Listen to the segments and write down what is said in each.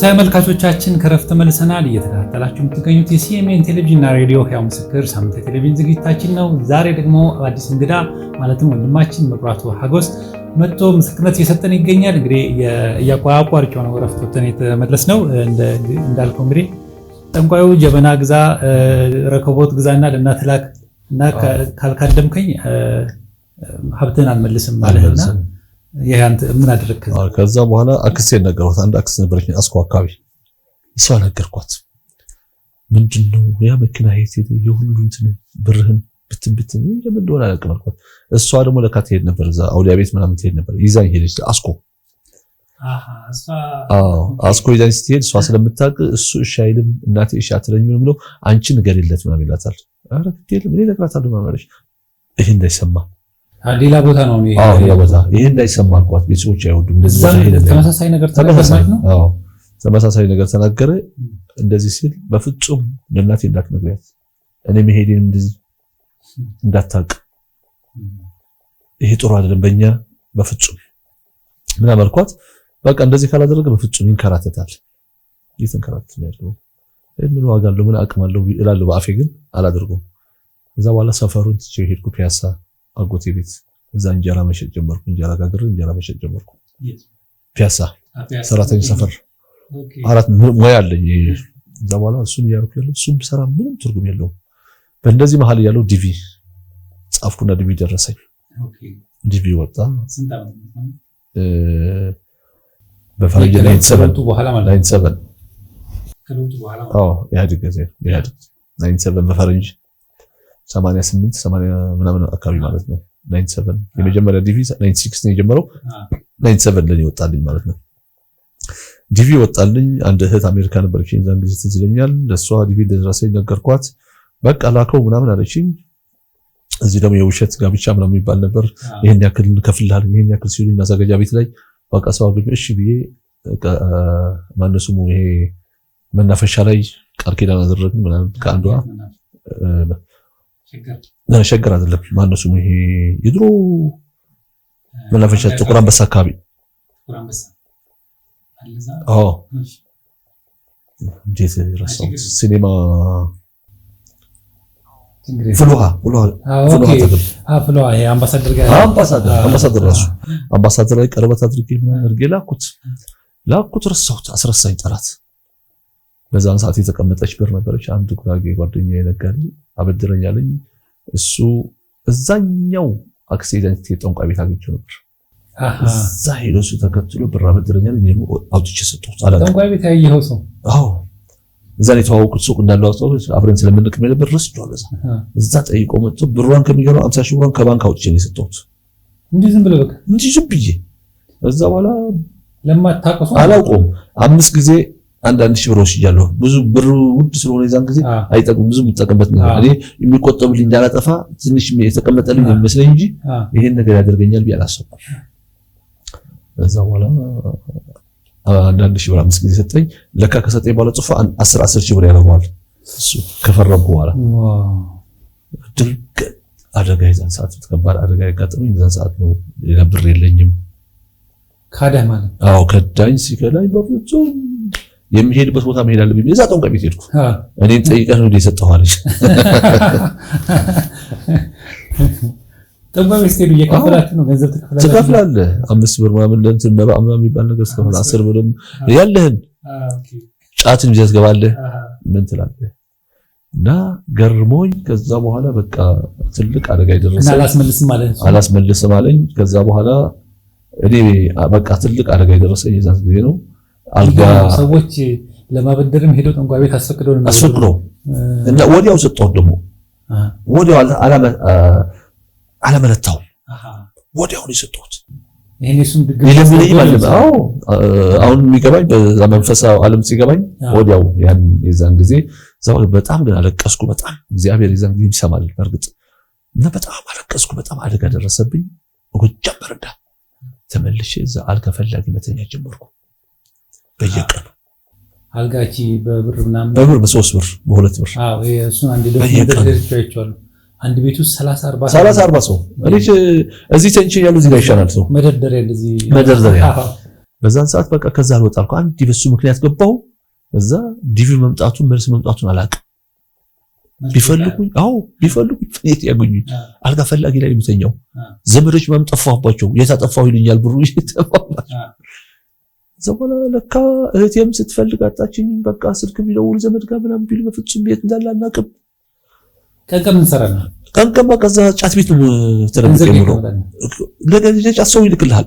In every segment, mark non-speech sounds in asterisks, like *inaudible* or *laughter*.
ተመልካቾቻችን ከረፍት መልሰናል። እየተከታተላችሁ የምትገኙት የሲኤምኤን ቴሌቪዥንና ሬዲዮ ሕያው ምስክር ሳምንት ቴሌቪዥን ዝግጅታችን ነው። ዛሬ ደግሞ አዲስ እንግዳ ማለትም ወንድማችን መብራቱ ሀጎስ መጥቶ ምስክርነት እየሰጠን ይገኛል። እንግዲህ እያቋቋርቸው ሆነ ረፍት ወተን የተመለስ ነው። እንዳልከው እንግዲህ ጠንቋዩ ጀበና ግዛ፣ ረከቦት ግዛና ለእናትህ ላክ እና ካልካደምከኝ ሀብትን አልመልስም ማለትና ምን አደረግ? ከዛ በኋላ አክስቴ ነገርኳት። አንድ አክስት ነበረች አስኮ አካባቢ እሷ ነገርኳት። ምንድነው ያ መኪና ሄት የሁሉ እንትን ብርህን ብትን ብትን ለምን እንደሆነ አላውቅም አልኳት። እሷ ደግሞ ለካ ትሄድ ነበር እዛ አውሊያ ቤት ምናምን ትሄድ ነበር። ይዛኝ ሄደች አስኮ። አስኮ ይዛኝ ስትሄድ እሷ ስለምታውቅ እሱ እሺ አይልም እናቴ እሺ አትለኝም ብሎ አንቺ ንገሪለት ምናምን ይላታል። ኧረ ግድ የለም እኔ እነግራታለሁ ምናምን አለች። ይሄ እንዳይሰማ ሌላ ቦታ ነው። ሌላ ቦታ ይሄ እንዳይሰማ አልኳት። ቤተሰቦች አይወዱም። ተመሳሳይ ነገር ተመሳሳይ ነገር ተናገረ። እንደዚህ ሲል በፍጹም ለእናቴ እንዳትነግሪያት እኔ መሄዴን እንደዚህ እንዳታውቅ ይሄ ጥሩ አይደለም በእኛ በፍጹም ምን አመልኳት። በቃ እንደዚህ ካላደረገ በፍጹም ይንከራተታል። ይተንከራተት ነው ምን ዋጋ አለው ምን አቅም አለው እላለሁ በአፌ ግን አላደርጉም። እዛ በኋላ ሰፈሩን ትቼ ሄድኩ ፒያሳ አጎቴ ቤት እዛ እንጀራ መሸጥ ጀመርኩ። እንጀራ ጋግሬ እንጀራ መሸጥ ጀመርኩ። ፒያሳ ሰራተኛ ሰፈር አራት ሙያ አለኝ። እዛ በኋላ እሱን እያደረኩ ያለው እሱም ብሰራ ምንም ትርጉም የለውም። በእንደዚህ መሀል ያለው ዲቪ ጻፍኩና ዲቪ ደረሰኝ። ዲቪ ወጣ በፈረንጅ ናይን ሰቨን ናይን ሰቨን በፈረንጅ 88 ምናምን አካባቢ ማለት ነው። 97 የመጀመሪያ ዲቪ 96 ነው የጀመረው። 97 ለኔ ወጣልኝ ማለት ነው። ዲቪ ወጣልኝ። አንድ እህት አሜሪካ ነበረች ዛን ጊዜ ትዝ ይለኛል። ለእሷ ዲቪ ደራሴ ነገርኳት። በቃ ላከው ምናምን አለችኝ። እዚህ ደግሞ የውሸት ጋብቻ ምናምን የሚባል ነበር። ይሄን ያክል እንከፍልሃለን፣ ይሄን ያክል ሲሉ ማዘጋጃ ቤት ላይ በቃ ሰው አገኘሁ። እሺ ብዬ ማነው ይሄ መናፈሻ ላይ ቃል ኪዳን አደረግን ምናምን ከአንዷ ሸገር አይደለም ማነሱ ይሄ የድሮ መናፈሻ ጥቁር አንበሳ አካባቢ እንዴት ረሳሁ? ሲኔማ ፍልውሃ አምባሳደር ራሱ አምባሳደር ላይ ቀረበት አድርጌ አድርጌ ላኩት ላኩት ረሳሁት። አስረሳኝ ጠላት። በዛን ሰዓት የተቀመጠች ብር ነበረች። አንድ ጉራጌ ጓደኛ የነጋዴ አበድረኛለኝ። እሱ እዛኛው አክሲደንት የጠንቋይ ቤት አግኝቼው ነበር። እዛ ሄዶ እሱ ተከትሎ ብር አበድረኛለኝ እኔም አውጥቼ ሰጠሁት። ጠንቋይ ቤት ያየኸው ሰው? አዎ እዛ የተዋወቁት ሱቅ እንዳለው አስታወስ አብረን ስለምንቅም የነበር ድረስ ይጫወታል። እዛ ጠይቆ መጥቶ ብሯን ከሚገርም አምሳ ሺህ ብሯን ከባንክ አውጥቼ ነው የሰጠሁት። እንዲህ ዝም ብለህ በቃ እንዲህ ዝም ብዬ እዛ በኋላ ለማታቀፈው አላውቀውም። አምስት ጊዜ አንድ አንድ ሺህ ብር ወስጃለሁ። ብዙ ብር ውድ ስለሆነ የዛን ጊዜ አይጠቅም ብዙ የምጠቀምበት ነገር እኔ የሚቆጠብልኝ እንዳላጠፋ ትንሽ የተቀመጠልኝ የሚመስለኝ እንጂ ይሄን ነገር ያደርገኛል ብዬ አላሰብኩም። ከዛ በኋላ አንዳንድ ሺህ ብር አምስት ጊዜ ሰጠኝ። ለካ ከሰጠኝ በኋላ ጽፎ አስር አስር ሺህ ብር ያደርገዋል እሱ ከፈረምኩ በኋላ ድንገት አደጋ የዛን ሰዓት ከባድ አደጋ ያጋጠመኝ የዛን ሰዓት ነው። ሌላ ብር የለኝም። ካዳ ማለት አዎ ከዳኝ ሲከዳኝ በፍጹም የሚሄድበት ቦታ መሄድ አለብኝ። እዛ ጠንቋይ ቤት ሄድኩ። እኔን ጠይቀህ ነው የሰጠኸው አለች። ትከፍላለህ። አምስት ብር ምናምን ለእንትን መባ ምናምን የሚባል ነገር ስትከፍል አስር ብር ያለህን ጫትን ይዘህ ትገባለህ። ምን ትላለህ? እና ገርሞኝ ከዛ በኋላ በቃ ትልቅ አደጋ የደረሰ አላስመልስም አለኝ። ከዛ በኋላ እኔ በቃ ትልቅ አደጋ የደረሰ የዛን ጊዜ ነው ሰዎች ለማበደርም ሄዶ ጠንቋይ ቤት ወዲያው ሰጠሁት። ደግሞ ወዲያው አለመለታው ወዲያው ነው የሰጠሁት። አሁን የሚገባኝ በዛ መንፈሳዊ ዓለም ሲገባኝ ወዲያው ያን የዛን ጊዜ በጣም ግን አለቀስኩ። በጣም እግዚአብሔር የዛን ጊዜ ይሰማል በእርግጥ እና በጣም አለቀስኩ። በጣም አደጋ ደረሰብኝ። ጎጃም ተመልሼ እዛ መተኛ ጀመርኩ። በየቀኑ አልጋቺ በብር ምናምን በብር በሶስት ብር በሁለት ብር አንድ ቤት ውስጥ ሰላሳ አርባ ሰው እዚህ ተንቺ ያሉ እዚህ ጋር ይሻላል ሰው መደርደሪያ በዛን ሰዓት በቃ ከዛ አልወጣልኩ። አንድ በሱ ምክንያት ገባሁ እዛ ዲቪ መምጣቱን መልስ መምጣቱን አላውቅም። ቢፈልጉኝ አዎ ቢፈልጉኝ የት ያገኙኝ? አልጋ ፈላጊ ላይ የምተኛው ዘመዶች ምናምን ጠፋባቸው። የታጠፋው ይሉኛል ብሩ ዘበላ ለካ እህቴም ስትፈልግ አጣችኝ። በቃ ስልክ የሚደውል ዘመድ ጋር ምናምን ቢል በፍጹም ቤት እንዳለ አናውቅም። ቀንቀም እንሰራና ቀንቀም በቃ እዛ ጫት ቤት ነው ተረምቶ ነው ለገዜ ጫት ሰው ይልክልሃል።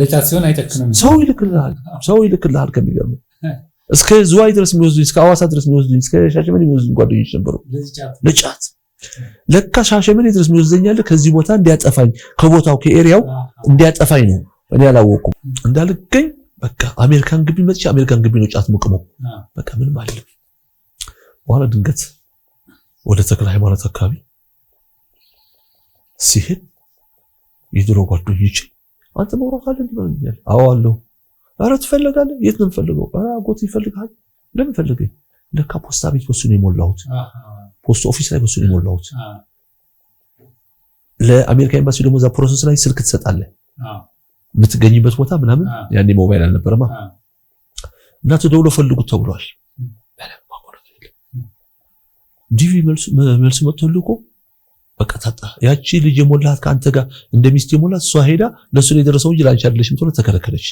ለጫት ሲሆን አይጠክንም። ሰው ይልክልሃል። ሰው ይልክልሃል። ከሚገርም *laughs* እስከ ዝዋይ ድረስ የሚወስዱኝ እስከ አዋሳ ድረስ የሚወስዱኝ እስከ ሻሸመኔ የሚወስዱኝ ጓደኞች ነበሩ ለጫት ለካ ሻሸመኔ ድረስ የሚወስደኛል። ከዚህ ቦታ እንዲያጠፋኝ ከቦታው ከኤሪያው እንዲያጠፋኝ ነው። እኔ አላወኩም እንዳልገኝ በቃ አሜሪካን ግቢ መጥቼ አሜሪካን ግቢ ነው ጫት መቅሞ በቃ ምንም አይደለም። በኋላ ድንገት ወደ ተክለ ሃይማኖት አካባቢ ሲሄድ የድሮ ጓደኞቼ አንተ መብራት አለ እንዴ? ማለት አዎ አለው። አረ ትፈልጋለህ? የት ነው የምፈልገው? አረ አጎት ይፈልጋል። ለምን ፈልገኝ? ለካ ፖስታ ቤት በሱ ነው የሞላሁት፣ ፖስት ኦፊስ ላይ በሱ ነው የሞላሁት። ለአሜሪካ ኤምባሲ ደግሞ እዛ ፕሮሰስ ላይ ስልክ ትሰጣለህ የምትገኝበት ቦታ ምናምን ያኔ ሞባይል አልነበረማ። እና ተደውሎ ፈልጉት ተብሏል። ዲቪ መልስ መጥቶልህ እኮ በቃ ታጣ ያቺ ልጅ የሞላት ከአንተ ጋር እንደ ሚስት የሞላት እሷ ሄዳ ለእሱ የደረሰው እንጂ ለአንቺ አይደለሽም ተብሎ ተከለከለች።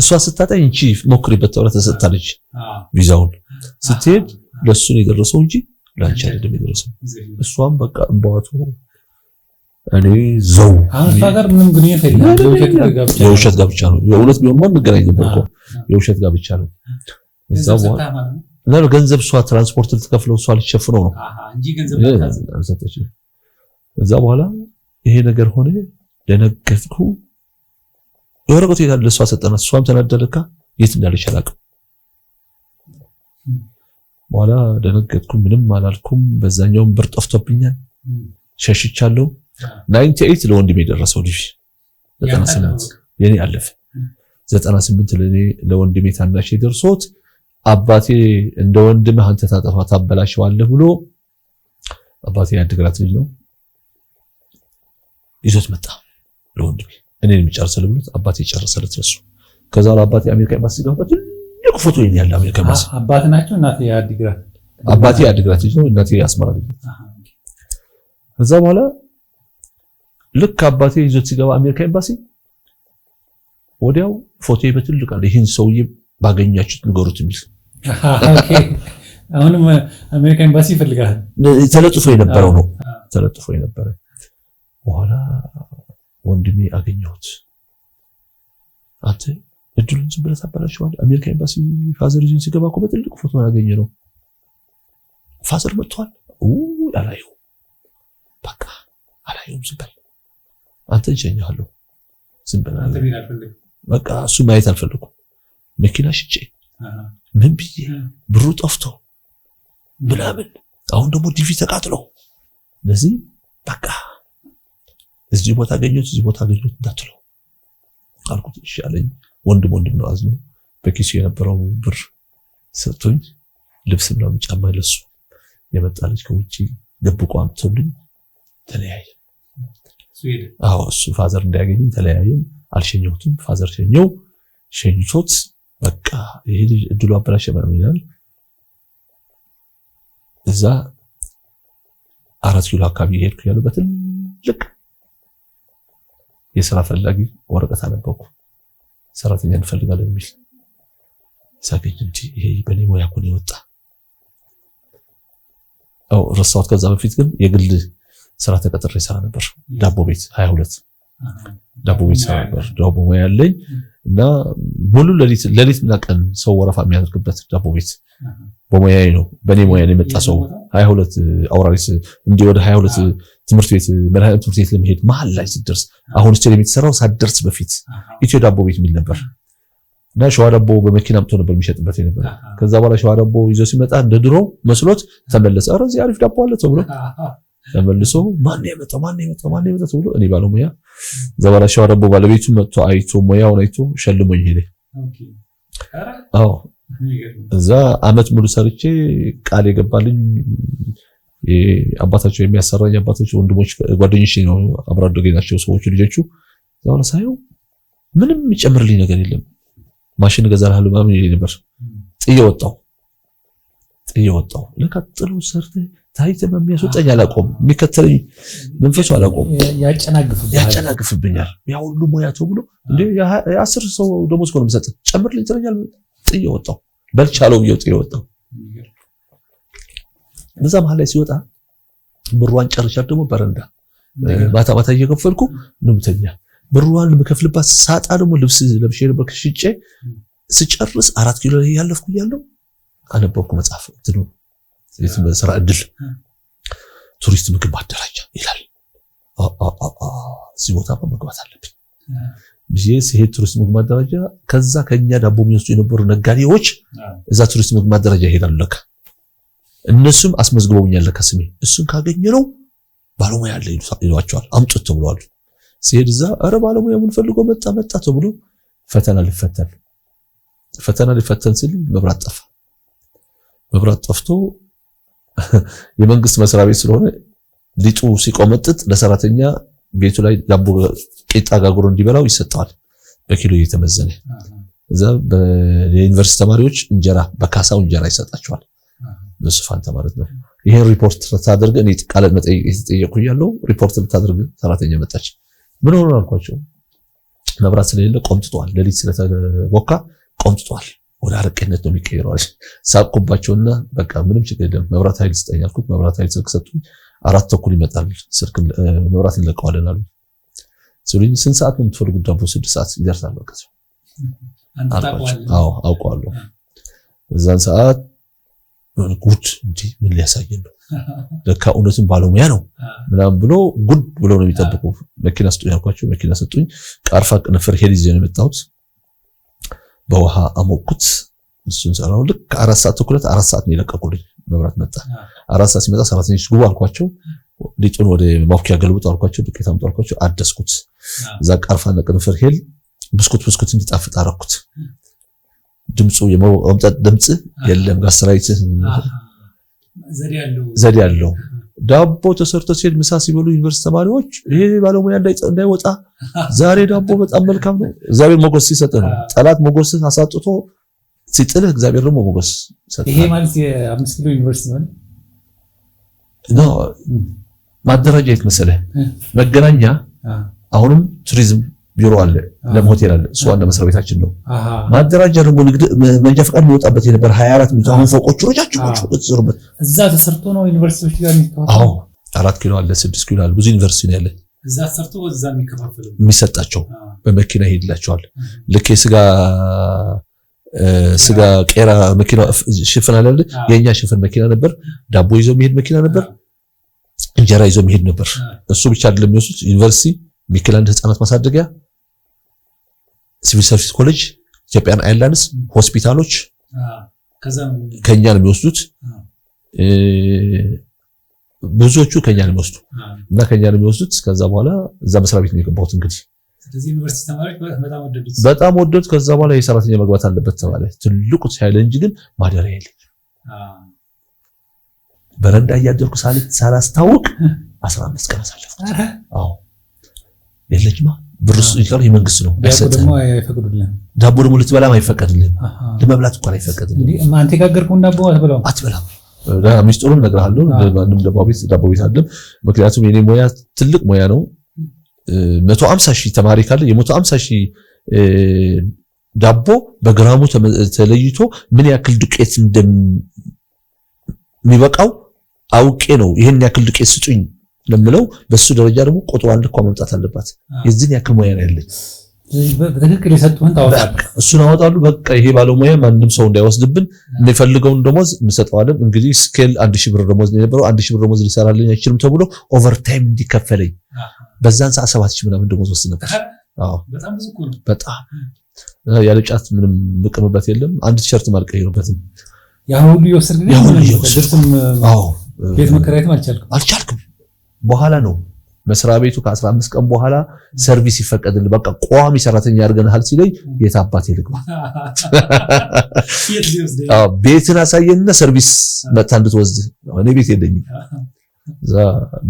እሷ ስታጣ እንቺ ሞክሪበት ተብላ ተሰጥታለች። ቪዛውን ስትሄድ ለእሱ የደረሰው እንጂ ለአንቺ አይደለም የደረሰው። እሷም በቃ እምባዋቱ እኔ ዘው የውሸት ጋብቻ ነው። የእውነት ቢሆን ማን መገናኝ ነበር እኮ የውሸት ጋብቻ ነው። እዛ በኋላ ገንዘብ እሷ ትራንስፖርት ልትከፍለው እሷ ልትሸፍነው ነው። እዛ በኋላ ይሄ ነገር ሆነ። ደነገጥኩ። የወረቀቱ የት አለ? ለእሷ ሰጠናት። እሷም ተናደለካ የት እንዳለች አላውቅም። በኋላ ደነገጥኩ። ምንም አላልኩም። በዛኛውም ብር ጠፍቶብኛል፣ ሸሽቻለሁ። ናይንቲ ኤይት ለወንድሜ የደረሰው ልጅ ዘጠና ስምንት የኔ አለፈ። ዘጠና ስምንት ለኔ ለወንድሜ ታናሽ ደርሶት አባቴ እንደ ወንድምህ አንተ ታጠፋ ታበላሸዋለህ ብሎ አባቴ ያድግራት ልጅ ነው ይዞት መጣ ለወንድሜ እኔን የሚጨርሰልህ ብሎት አባቴ ጨርሰለት ለሱ። ከዛ አባቴ አሜሪካ ኤምባሲ ገባ። ትልቅ ፎቶ ይሄን ያለ አሜሪካ ኤምባሲ አባቴ ናቸው። እናቴ ያድግራት አባቴ ያድግራት ልጅ ነው። እናቴ አስመራ ልጅ ከዛ በኋላ ልክ አባቴ ይዞት ሲገባ አሜሪካ ኤምባሲ ወዲያው ፎቶ በትልቅ አለ ይህን ሰውዬ ባገኛችሁት ንገሩት የሚል *laughs* አሁንም አሜሪካ ኤምባሲ ይፈልጋል። ተለጥፎ የነበረው ነው ተለጥፎ የነበረ በኋላ ወንድሜ አገኘሁት። አንተ እድሉን ዝም ብለህ ታበላሸዋለህ። አሜሪካ ኤምባሲ ፋዘር ይዞኝ ሲገባ እኮ በትልቅ ፎቶ አገኘ ነው ፋዘር መጥተዋል። አላየው በቃ አላየውም ዝም በል አንተ እሸኝሃለሁ። ዝም ብለህ በቃ እሱ ማየት አልፈልኩም። መኪና ሽጬ ምን ብዬ ብሩ ጠፍቶ ምናምን አሁን ደግሞ ዲቪ ተቃጥሎ ስለዚህ በቃ እዚህ ቦታ አገኘሁት እዚህ ቦታ አገኘሁት እንዳትለው አልኩት። እሺ አለኝ። ወንድም ወንድም ነው አዝኖ በኪሱ የነበረው ብር ሰጥቶኝ ልብስ ምናምን ጫማ ለሱ የመጣለች ልጅ ከውጭ ደብቆ አምጥቶልኝ ተለያየ። አዎ እሱ ፋዘር እንዳያገኘን ተለያየን። አልሸኘሁትም። ፋዘር ሸኘው። ሸኝቶት በቃ ይሄ ልጅ እድሉ አበላሸ ምናምን ይላል። እዛ አራት ኪሎ አካባቢ ሄድኩ ያሉ በትልቅ የስራ ፈላጊ ወረቀት አነበብኩ። ሰራተኛ እንፈልጋለን የሚል ሳገኝ እንጂ ይሄ በኔ ሙያ እኮ ነው የወጣ ረሳሁት። ከዛ በፊት ግን የግል ስራ ተቀጥሬ ስራ ነበር ዳቦ ቤት ሀያ ሁለት ዳቦ ቤት ስራ ነበር ዳቦ ያለኝ እና ሙሉ ሌሊት እና ቀን ሰው ወረፋ የሚያደርግበት ዳቦ ቤት በሙያዬ ነው በእኔ ሙያ የመጣ ሰው ሀያ ሁለት አውራሪስ እንዲህ ወደ ሀያ ሁለት ትምህርት ቤት መድኃኒዓለም ትምህርት ቤት ለመሄድ መሀል ላይ ስደርስ አሁን ስቴል የሚሰራው ሳደርስ በፊት ኢትዮ ዳቦ ቤት የሚል ነበር እና ሸዋ ዳቦ በመኪና አምጥቶ ነበር የሚሸጥበት ነበር። ከዛ በኋላ ሸዋ ዳቦ ይዞ ሲመጣ እንደ ድሮ መስሎት ተመለሰ። ኧረ እዚህ አሪፍ ዳቦ አለ ተብሎ ተመልሶ ማን ያመጣው ማን ያመጣው ማን ያመጣው ተብሎ እኔ ባለሙያ ዘበራሽ ደግሞ ባለቤቱ መጥቶ አይቶ ሙያውን አይቶ ሸልሞኝ ሄደ። አዎ እዛ አመት ሙሉ ሰርቼ ቃል የገባልኝ አባታቸው የሚያሰራኝ አባታቸው ወንድሞች ጓደኞች ነው፣ አብሮ አደጌ ናቸው ሰዎቹ ልጆቹ። ዛውን ሳየው ምንም ይጨምርልኝ ነገር የለም። ማሽን እገዛልሃለሁ ምናምን ይለኝ ነበር። ጥዬ ወጣሁ፣ ጥዬ ወጣሁ። ለካ ጥሩ ሰርተህ ታሪክ ደግሞ የሚያስወጣኝ አላቆም የሚከተለኝ መንፈሱ አላቆም ያጨናግፍብኛል። ያ ሁሉ ሙያ ተው ብሎ የአስር ሰው ደሞዝ እኮ ነው ጨምር ልኝ ትለኛል። ጥዬ ወጣሁ በልቻለው ብዬ ጥዬ ወጣሁ። በዛ መሀል ላይ ሲወጣ ብሯን ጨርሻል። ደግሞ በረንዳ ማታ ማታ እየከፈልኩ ንምተኛ ብሯን የምከፍልባት ሳጣ ደግሞ ልብስ ለብሼ ነበር ከሽጬ ስጨርስ አራት ኪሎ ላይ ያለፍኩ እያለሁ አነበብኩ መጽሐፍ ትኑ ስራ እድል፣ ቱሪስት ምግብ ማደራጃ ይላል። እዚህ ቦታ መግባት አለብኝ ብዬ ሲሄድ ቱሪስት ምግብ ማደራጃ ከዛ ከኛ ዳቦ የሚወስዱ የነበሩ ነጋዴዎች እዛ ቱሪስት ምግብ ማደራጃ ይሄዳሉ። ለካ እነሱም አስመዝግበውኛል ለካ ስሜ እሱን ካገኘ ነው ባለሙያ አለ ይሏቸዋል። አምጡት ተብለዋል። ሲሄድ እዛ ኧረ ባለሙያ የምንፈልገው መጣ መጣ ተብሎ ፈተና ሊፈተን ፈተና ሊፈተን ሲል መብራት ጠፋ። መብራት ጠፍቶ *laughs* የመንግስት መስሪያ ቤት ስለሆነ ሊጡ ሲቆመጥጥ ለሰራተኛ ቤቱ ላይ ዳቦ ቂጣ ጋግሮ እንዲበላው ይሰጠዋል፣ በኪሎ እየተመዘነ እዛ የዩኒቨርሲቲ ተማሪዎች እንጀራ በካሳው እንጀራ ይሰጣቸዋል። በሱፋንታ ተማሪት ነው። ይሄን ሪፖርት ልታደርግ እኔ ቃለ መጠይቅ የተጠየቅኩ እያለሁ ሪፖርት ልታደርግ ሰራተኛ መጣች። ምን ሆኖ አልኳቸው። መብራት ስለሌለ ቆምጥጠዋል፣ ሌሊት ስለተቦካ ቆምጥጠዋል። ወደ አረቄነት ነው የሚቀይረው አለች። ሳቁባቸውና በቃ ምንም ችግር የለም መብራት ኃይል ስጠኝ አልኩት። መብራት ኃይል ስልክ ሰጡኝ። አራት ተኩል ይመጣል ስልክ መብራት እንለቀዋለን አሉ። ስለዚህ ስንት ሰዓት ነው የምትፈልጉት ዳቦ? ስድስት ሰዓት ይደርሳል። በቃ አዎ አውቀዋለሁ። በዛን ሰዓት ጉድ እንጂ ምን ሊያሳየን ነው ለካ እውነትም ባለሙያ ነው ምናምን ብሎ ጉድ ብሎ ነው የሚጠብቁ። መኪና ስጡኝ አልኳቸው። መኪና ሰጡኝ። ቃርፋ ቅንፍር ሄድ ይዤ ነው የመጣሁት በውሃ አሞኩት። እሱን ሰራው። ልክ አራት ሰዓት ተኩለት አራት ሰዓት ነው መብራት መጣ። አራት ሰዓት ሲመጣ ሰራተኞች ግቡ አልኳቸው። ሊጡን ወደ ማውኪያ ገልብጡ አልኳቸው። ዱቄት አምጡ አልኳቸው። አደስኩት። እዛ ቀርፋ ነቅን ሄል ብስኩት ብስኩት እንዲጣፍጥ አረኩት። ድምፁ የመምጠጥ ድምፅ የለም። ጋር ሰራዊት ዘዴ አለው ዳቦ ተሰርቶ ሲሄድ ምሳ ሲበሉ ዩኒቨርሲቲ ተማሪዎች ይሄ ባለሙያ እንዳይወጣ ዛሬ ዳቦ በጣም መልካም ነው። እግዚአብሔር ሞገስ ሲሰጥ ነው። ጠላት ሞገስ አሳጥቶ ሲጥልህ እግዚአብሔር ደግሞ ሞገስ ይሰጥ። ይሄ ማለት የአምስት ኪሎ ዩኒቨርሲቲ ነው ነው ማደራጃ የት መሰለህ መገናኛ አሁንም ቱሪዝም ቢሮ አለ፣ ለሆቴል አለ። እሱ ዋና መስሪያ ቤታችን ነው። ማደራጃ ደግሞ ንግድ መንጃ ፈቃድ የሚወጣበት የነበረ 24 ሚሊዮን አሁን ፎቆቹ ረጃጅሞች ተሰሩበት። እዛ ተሰርቶ ነው ዩኒቨርሲቲዎች ጋር የሚተዋወቅ። አዎ አራት ኪሎ አለ፣ ስድስት ኪሎ አለ፣ ብዙ ዩኒቨርሲቲ ነው ያለ። እዛ ተሰርቶ እዛ የሚከፋፈል የሚሰጣቸው በመኪና ይሄድላቸዋል። ልክ የስጋ ስጋ ቄራ መኪና ሽፍን አለ የእኛ ሽፍን መኪና ነበር። ዳቦ ይዞ የሚሄድ መኪና ነበር። እንጀራ ይዞ የሚሄድ ነበር። እሱ ብቻ አይደለም የሚወስዱት ዩኒቨርሲቲ ሚክላንድ ህፃናት ማሳደጊያ ሲቪል ሰርቪስ ኮሌጅ፣ ኢትዮጵያን አይርላንድስ፣ ሆስፒታሎች ከኛ ነው የሚወስዱት። ብዙዎቹ ከኛ ነው የሚወስዱ እና ከኛ ነው የሚወስዱት። ከዛ በኋላ እዛ መስሪያ ቤት ነው የገባሁት እንግዲህ በጣም ወደዱት። ከዛ በኋላ የሰራተኛ መግባት አለበት ተባለ። ትልቁ ቻሌንጅ ግን ማደሪያ የለኝም። በረንዳ እያደርኩ ሳላስታውቅ አስራ አምስት ቀን አሳለፍኩት። አዎ ብር ይቀር የመንግስት ነው። ዳቦ ደግሞ ልትበላም አይፈቀድልም። ለመብላት እንኳን አይፈቀድልም። አንተ የጋገርከውን ዳቦ አትበላም። ሚስጥሩም እነግርሃለሁ። ማንም ዳቦ ቤት አለም። ምክንያቱም የኔ ሙያ ትልቅ ሙያ ነው። መቶ አምሳ ሺህ ተማሪ ካለ የመቶ አምሳ ሺህ ዳቦ በግራሙ ተለይቶ ምን ያክል ዱቄት እንደሚበቃው አውቄ ነው ይህን ያክል ዱቄት ስጡኝ ለምለው በሱ ደረጃ ደግሞ ቆጥዋን ልኳ መምጣት አለባት። የዚህን ያክል ሙያ ነው ያለኝ። እሱን አወጣሉ። በቃ ይሄ ባለሙያ ማንም ሰው እንዳይወስድብን የሚፈልገውን ደሞዝ እንሰጠዋለን። እንግዲህ ስኬል አንድ ሺህ ብር ደሞዝ የነበረው። አንድ ሺህ ብር ደሞዝ ሊሰራልኝ አይችልም ተብሎ ኦቨርታይም እንዲከፈለኝ በዛን ሰዓት ሰባት ሺህ ምናምን ደሞዝ ወስድ ነበር። በጣም ያለ ጫት ምንም ምቅምበት የለም። አንድ ቲሸርት አልቀይርበትም። ቤት መከራየትም አልቻልኩም አልቻልኩም በኋላ ነው መስሪያ ቤቱ ከ15 ቀን በኋላ ሰርቪስ ይፈቀድል፣ በቃ ቋሚ ሰራተኛ ያርገናል ሲለኝ የት አባቴ ልግባ? ቤትን አሳየንና ሰርቪስ መታ እንድትወስድ እኔ ቤት የለኝም።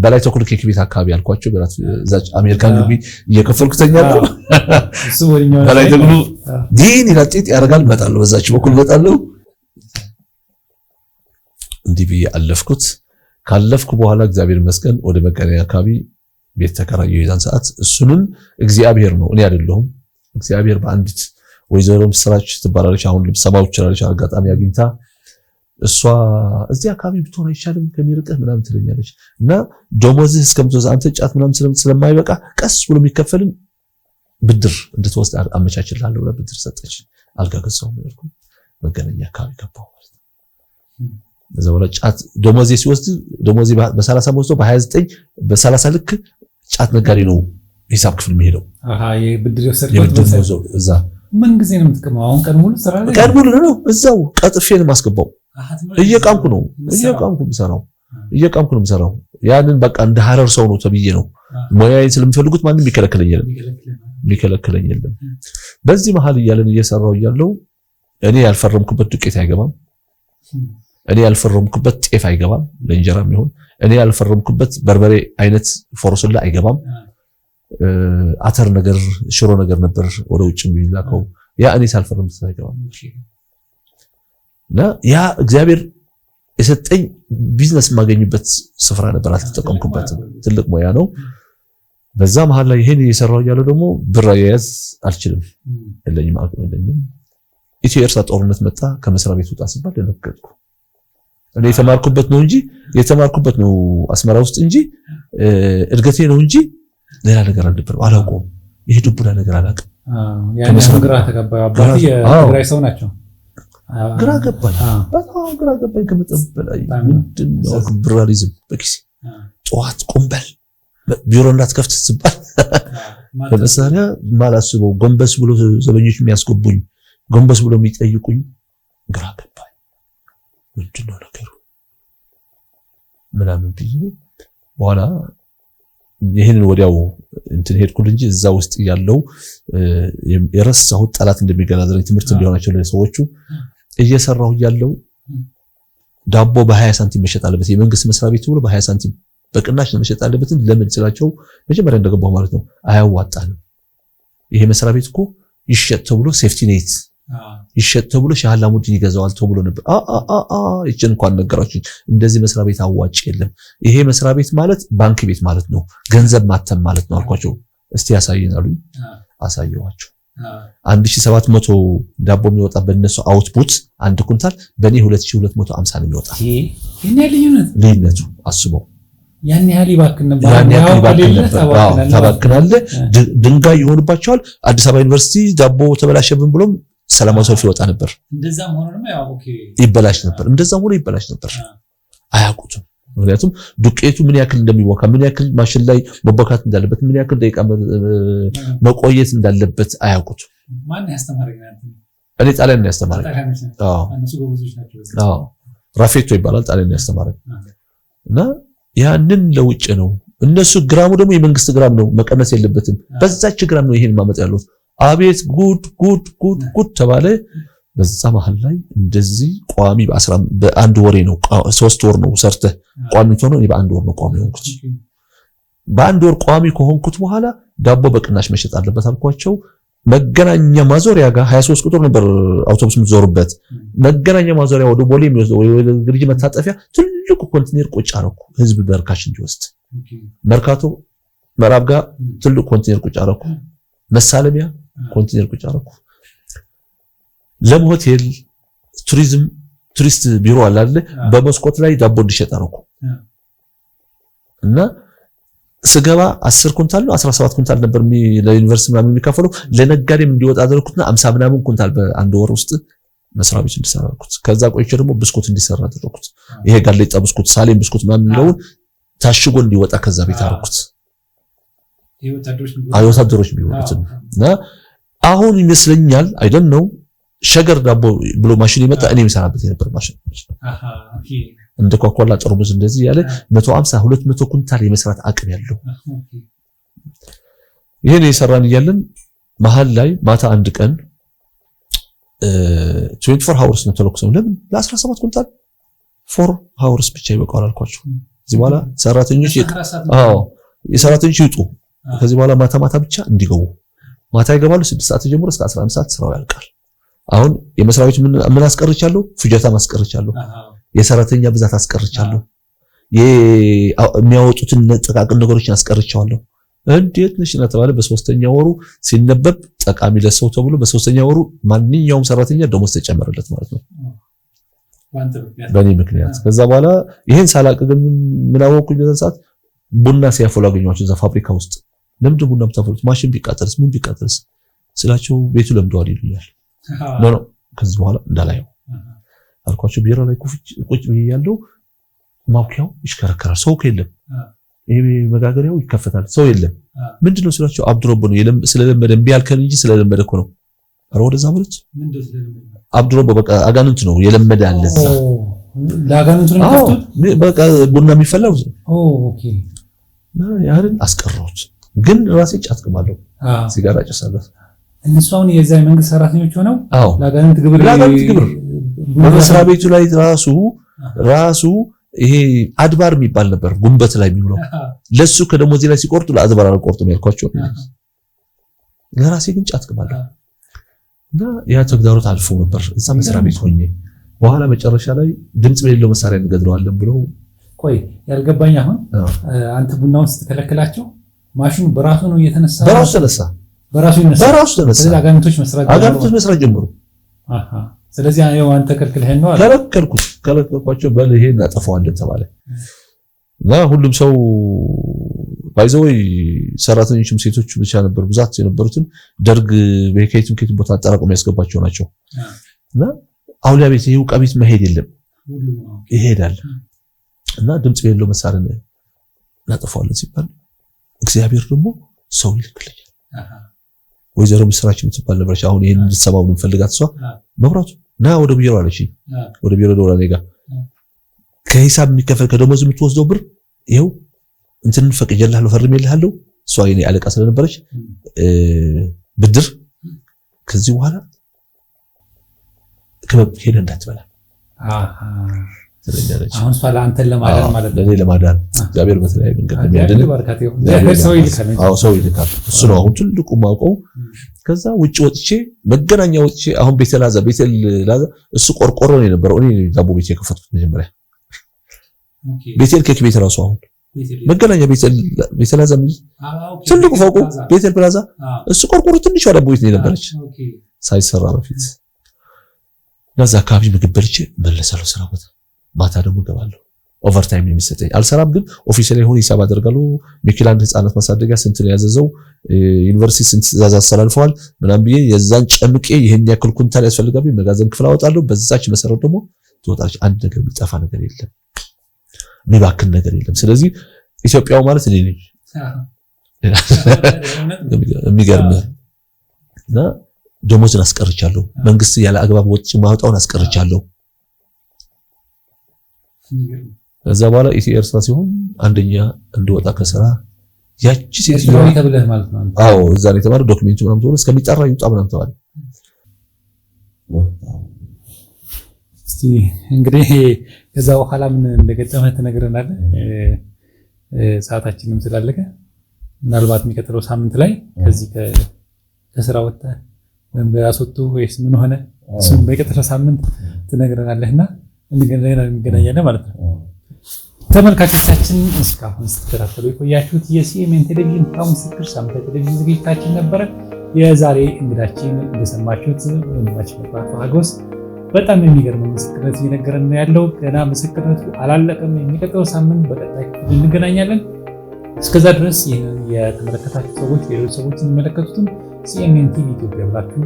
በላይ ተኩል ኬክ ቤት አካባቢ ያልኳቸው አሜሪካን ግቢ እየከፈልኩተኛ ነው። በላይ ተኩል ዲን ይላጤት ያደርጋል። እመጣለሁ፣ በዛች በኩል እመጣለሁ። እንዲህ ብዬ አለፍኩት። ካለፍኩ በኋላ እግዚአብሔር ይመስገን ወደ መቀሌ አካባቢ ቤት ተከራየሁ። የዛን ሰዓት እሱንም እግዚአብሔር ነው እኔ አይደለሁም። እግዚአብሔር በአንዲት ወይዘሮ ምስራች ትባላለች፣ አሁን ልትሰማው ትችላለች። አጋጣሚ አግኝታ እሷ እዚህ አካባቢ ብትሆን አይሻልም ከሚርቅህ ምናምን ትለኛለች እና ደሞዝህ እስከምትወስድ አንተ ጫት ምናምን ስለማይበቃ ቀስ ብሎ የሚከፈልን ብድር እንድትወስድ አመቻችልሃለሁ ብላ ብድር ሰጠች። አልጋ ገዛሁም። መገናኛ አካባቢ ገባሁ ማለት ነው። እዛ በኋላ ጫት ደሞዜ ሲወስድ ደሞዜ ወስዶ በ29 ልክ ጫት ነጋዴ ነው ሂሳብ ክፍል የሚሄደው። አሃ የብድር ነው ቀን ሙሉ ነው እዛው እየቃምኩ ነው እየቃምኩ የምሰራው እየቃምኩ ነው የምሰራው። ያንን በቃ እንደ ሀረር ሰው ነው ተብዬ ነው ሙያዬን ስለሚፈልጉት ማንም የሚከለክለኝ የለም የሚከለክለኝ የለም። በዚህ መሀል እያለን እየሰራው እያለው እኔ ያልፈረምኩበት ዱቄት አይገባም እኔ ያልፈረምኩበት ጤፍ አይገባም ለእንጀራ ይሁን እኔ ያልፈረምኩበት በርበሬ አይነት ፎርሱላ አይገባም። አተር ነገር ሽሮ ነገር ነበር ወደ ውጭ የሚላከው ያ እኔ ሳልፈረምበት አይገባም። እና ያ እግዚአብሔር የሰጠኝ ቢዝነስ የማገኝበት ስፍራ ነበር፣ አልተጠቀምኩበትም። ትልቅ ሙያ ነው። በዛ መሀል ላይ ይሄን እየሰራው እያለ ደግሞ ብር አያያዝ አልችልም፣ የለኝም፣ አቅም የለኝም። ኢትዮ ኤርትራ ጦርነት መጣ። ከመስሪያ ቤት ውጣ ሲባል ደነገጥኩ። እኔ የተማርኩበት ነው እንጂ የተማርኩበት ነው አስመራ ውስጥ እንጂ እድገቴ ነው እንጂ ሌላ ነገር አልነበረም። አላውቀውም። ይሄ ዱቡዳ ነገር አላውቅም። ግራ ተገባኝ። ገባኝ፣ በጣም ግራ ገባኝ። ከመጠን በላይ ምንድን ነው በኪሴ ጠዋት ቆንበል ቢሮ እንዳትከፍት ስባል ማላስበው ጎንበስ ብሎ ዘበኞች የሚያስገቡኝ ጎንበስ ብሎ የሚጠይቁኝ ግራ ገባኝ። ምንድን ነው ነገሩ ምናምን ብዬ በኋላ ይህንን ወዲያው እንትን ሄድኩል እንጂ እዛ ውስጥ ያለው የረሳሁት ጠላት እንደሚገናዘኝ ትምህርት እንዲሆናቸው ለሰዎቹ እየሰራሁ ያለው ዳቦ በሀያ ሳንቲም መሸጥ አለበት የመንግስት መስሪያ ቤት ብሎ በሀያ ሳንቲም በቅናሽ ነው አለበትን ለምን ስላቸው መጀመሪያ እንደገባሁ ማለት ነው አያዋጣንም ይሄ መስሪያ ቤት እኮ ይሸጥ ተብሎ ሴፍቲ ኔት ይሸጥ ተብሎ ሻህላሙዲን ይገዛዋል ተብሎ ነበር። ይችን እንኳን ነገራችን እንደዚህ መስሪያ ቤት አዋጭ የለም። ይሄ መስሪያ ቤት ማለት ባንክ ቤት ማለት ነው፣ ገንዘብ ማተም ማለት ነው አልኳቸው። እስቲ ያሳየን አሳየዋቸው። አንድ ሺህ ሰባት ዳቦ የሚወጣ በነሱ አውትፑት አንድ ኩንታል በእኔ 2250 ሺህ ሁለት መቶ አምሳ ነው የሚወጣ። ልዩነቱ አስበው ያን ያህል ይባክናል። ታባክናለህ፣ ድንጋይ ይሆንባቸዋል። አዲስ አበባ ዩኒቨርሲቲ ዳቦ ተበላሸብን ብሎም ሰላማዊ ሰልፍ ይወጣ ነበር፣ ይበላሽ ነበር። እንደዛም ሆኖ ይበላሽ ነበር። አያውቁትም። ምክንያቱም ዱቄቱ ምን ያክል እንደሚቦካ ምን ያክል ማሽን ላይ መቦካት እንዳለበት ምን ያክል ደቂቃ መቆየት እንዳለበት አያውቁትም። እኔ ጣሊያን ያስተማረኝ። ራፌቶ ይባላል። ጣሊያን ነው ያስተማረኝ እና ያንን ለውጭ ነው እነሱ ግራሙ ደግሞ የመንግስት ግራም ነው መቀነስ የለበትም። በዛች ግራም ነው ይሄን ማመጥ ያሉት አቤት ጉድ ጉድ ጉድ ጉድ ተባለ። በዛ መሀል ላይ እንደዚህ ቋሚ በአንድ ወሬ ነው፣ ሶስት ወር ነው ሰርተ ቋሚ የምትሆነው። እኔ በአንድ ወር ነው ቋሚ ሆንኩት። በአንድ ወር ቋሚ ከሆንኩት በኋላ ዳቦ በቅናሽ መሸጥ አለበት አልኳቸው። መገናኛ ማዞሪያ ጋር 23 ቁጥር ነበር አውቶቡስ የምትዞርበት መገናኛ ማዞሪያ ወደ ቦሌ የሚወስደው ግርጅ መታጠፊያ ትልቁ ኮንቲኔር ቁጭ አረኩ። ህዝብ በርካሽ እንዲወስድ መርካቶ ምዕራብ ጋር ትልቁ ኮንቲኔር ቁጭ አረኩ። መሳለሚያ ኮንቴነር ቁጭ አደረኩ። ለም ቱሪዝም ቱሪስት ቢሮ አለ አይደል? በመስኮት ላይ ዳቦ እንዲሸጥ አደረኩ እና ስገባ 10 ኩንታል ነው 17 ኩንታል ነበር ለዩኒቨርሲቲ ምናምን የሚከፈለው ለነጋዴም እንዲወጣ አደረኩትና 50 ምናምን ኩንታል በአንድ ወር ውስጥ መስሪያ ቤት እንዲሰራ አደረኩት። ከዛ ቆይቼ ደግሞ ብስኩት እንዲሰራ አደረኩት። ይሄ ጋር ሌጣ ብስኩት፣ ሳሌም ብስኩት ምናምን የሚለውን ታሽጎ እንዲወጣ ከዛ ቤት አደረኩት። ወታደሮች የሚሆኑትን እና አሁን ይመስለኛል አይደል ነው ሸገር ዳቦ ብሎ ማሽን የመጣ እኔ የሚሰራበት የነበር ማሽን እንደ ኳኳላ ጠርሙዝ እንደዚህ ያለ 150 200 ኩንታል የመስራት አቅም ያለው ይሄን የሰራን እያለን መሀል ላይ ማታ አንድ ቀን 24 ሃውርስ ነው ተለኩሰው ለምን ለ17 ኩንታል ፎር ሃውርስ ብቻ ይበቃዋል አልኳቸው። እዚህ በኋላ ሰራተኞች አዎ የሰራተኞች ይውጡ ከዚህ በኋላ ማታ ማታ ብቻ እንዲገቡ ማታ ይገባሉ። ስድስት ሰዓት ጀምሮ እስከ 11 ሰዓት ስራው ያልቃል። አሁን የመስሪያ ቤት ምን አስቀርቻለሁ? ፍጆታ አስቀርቻለሁ። የሰራተኛ ብዛት አስቀርቻለሁ። የሚያወጡትን ጥቃቅን ነገሮችን አስቀርቻለሁ። እንዴት ነሽ ተባለ። በሶስተኛ ወሩ ሲነበብ ጠቃሚ ለሰው ተብሎ በሶስተኛ ወሩ ማንኛውም ሰራተኛ ደሞዝ ተጨመረለት ማለት ነው በእኔ ምክንያት። ከዛ በኋላ ይሄን ሳላቅ ግን ምን አወቅኩኝ ሰዓት ቡና ሲያፈሉ አገኘኋቸው እዛ ፋብሪካ ውስጥ ለምንድን ቡና የምታፈሉት? ማሽን ቢቃጠልስ ምን ቢቃጠልስ ስላቸው ቤቱ ለምደዋል ይሉኛል። ኖ ኖ ከዚህ በኋላ እንዳላየው አልኳቸው። ቢራ ላይ ቁጭ ብዬ ያለው ማውኪያው ይሽከረከራል። ሰው የለም። ይሄ መጋገሪያው ይከፈታል። ሰው የለም። ምንድነው ስላቸው አብድሮቦ ነው ስለለመደ እምቢ ያልከን እንጂ ስለለመደ እኮ ነው። ኧረ ወደዛ ብሎት አብድሮቦ በቃ አጋንንት ነው የለመደ አለ እዛ በቃ ቡና የሚፈላው ያህልን ያንን አስቀረሁት። ግን ራሴ ጫት ቅማለሁ፣ ሲጋራ ጭሳለሁ። እነሱ አሁን የዛ መንግስት ሰራተኞች ሆነው ለአጋንንት ግብር በመስሪያ ቤቱ ላይ ራሱ ራሱ ይሄ አድባር የሚባል ነበር ጉንበት ላይ የሚውለው ለሱ ከደሞዜ ላይ ሲቆርጡ ለአድባር አልቆርጡም ያልኳቸው። ለራሴ ግን ጫት ቅማለሁ እና ያ ተግዳሮት አልፎ ነበር እዛ መስሪያ ቤት ሆኜ። በኋላ መጨረሻ ላይ ድምፅ በሌለው መሳሪያ እንገድለዋለን ብለው። ቆይ ያልገባኝ አሁን አንተ ቡናውን ስትከለክላቸው ማሽኑ በራሱ ነው እየተነሳ በራሱ ተነሳ በራሱ ይነሳ በራሱ ተነሳ። ስለዚህ አጋንንቶች መስራት አጋንንቶች መስራት ጀምሩ። አሃ ስለዚህ ያው አንተ ከልክልህን ነው አለ። ከለከልኩት ከለከልኳቸው በል ይሄን አጠፋዋለን ተባለ እና ሁሉም ሰው ባይዘወይ ሰራተኞችም ሴቶች ብቻ ነበር ብዛት የነበሩትን ደርግ በከይቱም ከይቱ ቦታ አጠራቅሞ ያስገባቸው ናቸው እና አውሊያ ቤት ይሄው ቀቢት መሄድ የለም ይሄዳል እና ድምጽ የሌለው መሳሪያ እናጠፋዋለን ሲባል እግዚአብሔር ደግሞ ሰው ይልክልኛል። ወይዘሮ ምስራች የምትባል ነበረች። አሁን ይህን እንድትሰማው የምንፈልጋት እሷ መብራቱ ና ወደ ቢሮ አለች። ወደ ቢሮ ደውላ እኔ ከሂሳብ የሚከፈል ከደሞዝ የምትወስደው ብር ይኸው እንትን ፈቅጄልሃለሁ ፈርሜልሃለሁ። እሷ አለቃ ስለነበረች ብድር ከዚህ በኋላ ክበብ ሄደ እንዳትበላል አሁን እሷ ለአንተን ለማዳን ማለት ነው፣ ለማዳን እግዚአብሔር በተለያየ መንገድ የሚያድን ሰው ይልካል። እሱ ነው አሁን ትልቁ ማውቀው። ከዛ ውጭ ወጥቼ መገናኛ ወጥቼ አሁን ቤተ ላዛ ቤተ ላዛ እሱ ቆርቆሮ ነው የነበረው። እኔ ዳቦ ቤት የከፈትኩት መጀመሪያ ቤቴል ኬክ ቤት ራሱ አሁን መገናኛ ላዛ ትልቁ ፎቁ ቤተል ፕላዛ እሱ ቆርቆሮ ትንሿ ዳቦ ቤት ነው የነበረች ሳይሰራ በፊት ለዛ አካባቢ ምግብ በልቼ መለሳለሁ ስራ ቦታ ማታ ደግሞ እገባለሁ። ኦቨርታይም የሚሰጠኝ አልሰራም፣ ግን ኦፊሻል የሆነ ሂሳብ አደርጋለሁ። ሚኪላንድ ህፃናት ማሳደጊያ ስንት ነው ያዘዘው፣ ዩኒቨርሲቲ ስንት ትእዛዝ አስተላልፈዋል ምናም ብዬ የዛን ጨምቄ ይህን ያክል ኩንታል ያስፈልጋል መጋዘን ክፍል አወጣለሁ። በዛች መሰረት ደግሞ ትወጣለች። አንድ ነገር የሚጠፋ ነገር የለም፣ የሚባክን ነገር የለም። ስለዚህ ኢትዮጵያው ማለት እኔ ነኝ። *laughs* የሚገርም እና ደሞዝን አስቀርቻለሁ። መንግስት ያለ አግባብ ወጪ ማውጣውን አስቀርቻለሁ። ከዛ በኋላ ኢቲ ኤርትራ ሲሆን አንደኛ እንድወጣ ከስራ ያቺ ሴት ማለት ነው። አዎ እዛ ላይ ተባለ። ዶክመንቱ ምናምን ተብሎ እስከሚጠራ ይውጣ ምናምን ተባለ። እስቲ እንግዲህ ከዛ በኋላ ምን እንደገጠመ ትነግረናለህ። ሰዓታችንም ስላለቀ ምናልባት የሚቀጥለው ሳምንት ላይ ከዚህ ከስራ ወጣ ወይም አስወጡ ወይስ ምን ሆነ እሱም በቀጥታ ሳምንት ትነግረናለህና እንገናኛለን ማለት ነው። ተመልካቾቻችን እስካሁን ስትከታተሉ የቆያችሁት የሲኤምኤን ቴሌቪዥን ታውን ምስክር ሳምንታዊ ቴሌቪዥን ዝግጅታችን ነበረ። የዛሬ እንግዳችን እንደሰማችሁት ወንድማችን ሀጎስ በጣም የሚገርመው ምስክርነት እየነገረን ነው ያለው። ገና ምስክርነቱ አላለቀም። የሚቀጥለው ሳምንት በቀጣይ ክፍል እንገናኛለን። እስከዛ ድረስ ይህንን የተመለከታችሁ ሰዎች ሌሎች ሰዎች ሲኤምኤን ቲቪ ኢትዮጵያ ብላችሁ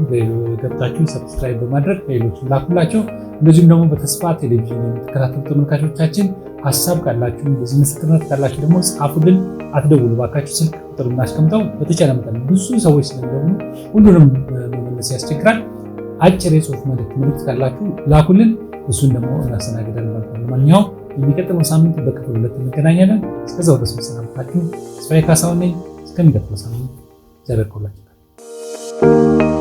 ገብታችሁ ሰብስክራይብ በማድረግ ሌሎች ላኩላቸው። እንደዚሁም ደግሞ በተስፋ ቴሌቪዥን የምትከታተሉ ተመልካቾቻችን ሀሳብ ካላችሁ፣ እንደዚህ ምስክርነት ካላችሁ ደግሞ ጻፉልን። አትደውሉ ባካችሁ፣ ስልክ ቁጥር እናስቀምጠው። በተቻለ መጠን ብዙ ሰዎች ስለሚደውሉ ሁሉንም መመለስ ያስቸግራል። አጭር የጽሁፍ መልዕክት ምልክት ካላችሁ ላኩልን፣ እሱን ደግሞ እናስተናግዳለን። ለማንኛውም የሚቀጥለው ሳምንት በክፍል ሁለት እንገናኛለን። እስከዛው ድረስ መሰናበታችሁ ተስፋዬ ካሳሁን ነኝ። እስከሚቀጥለው ሳምንት ዘረኮላችሁ you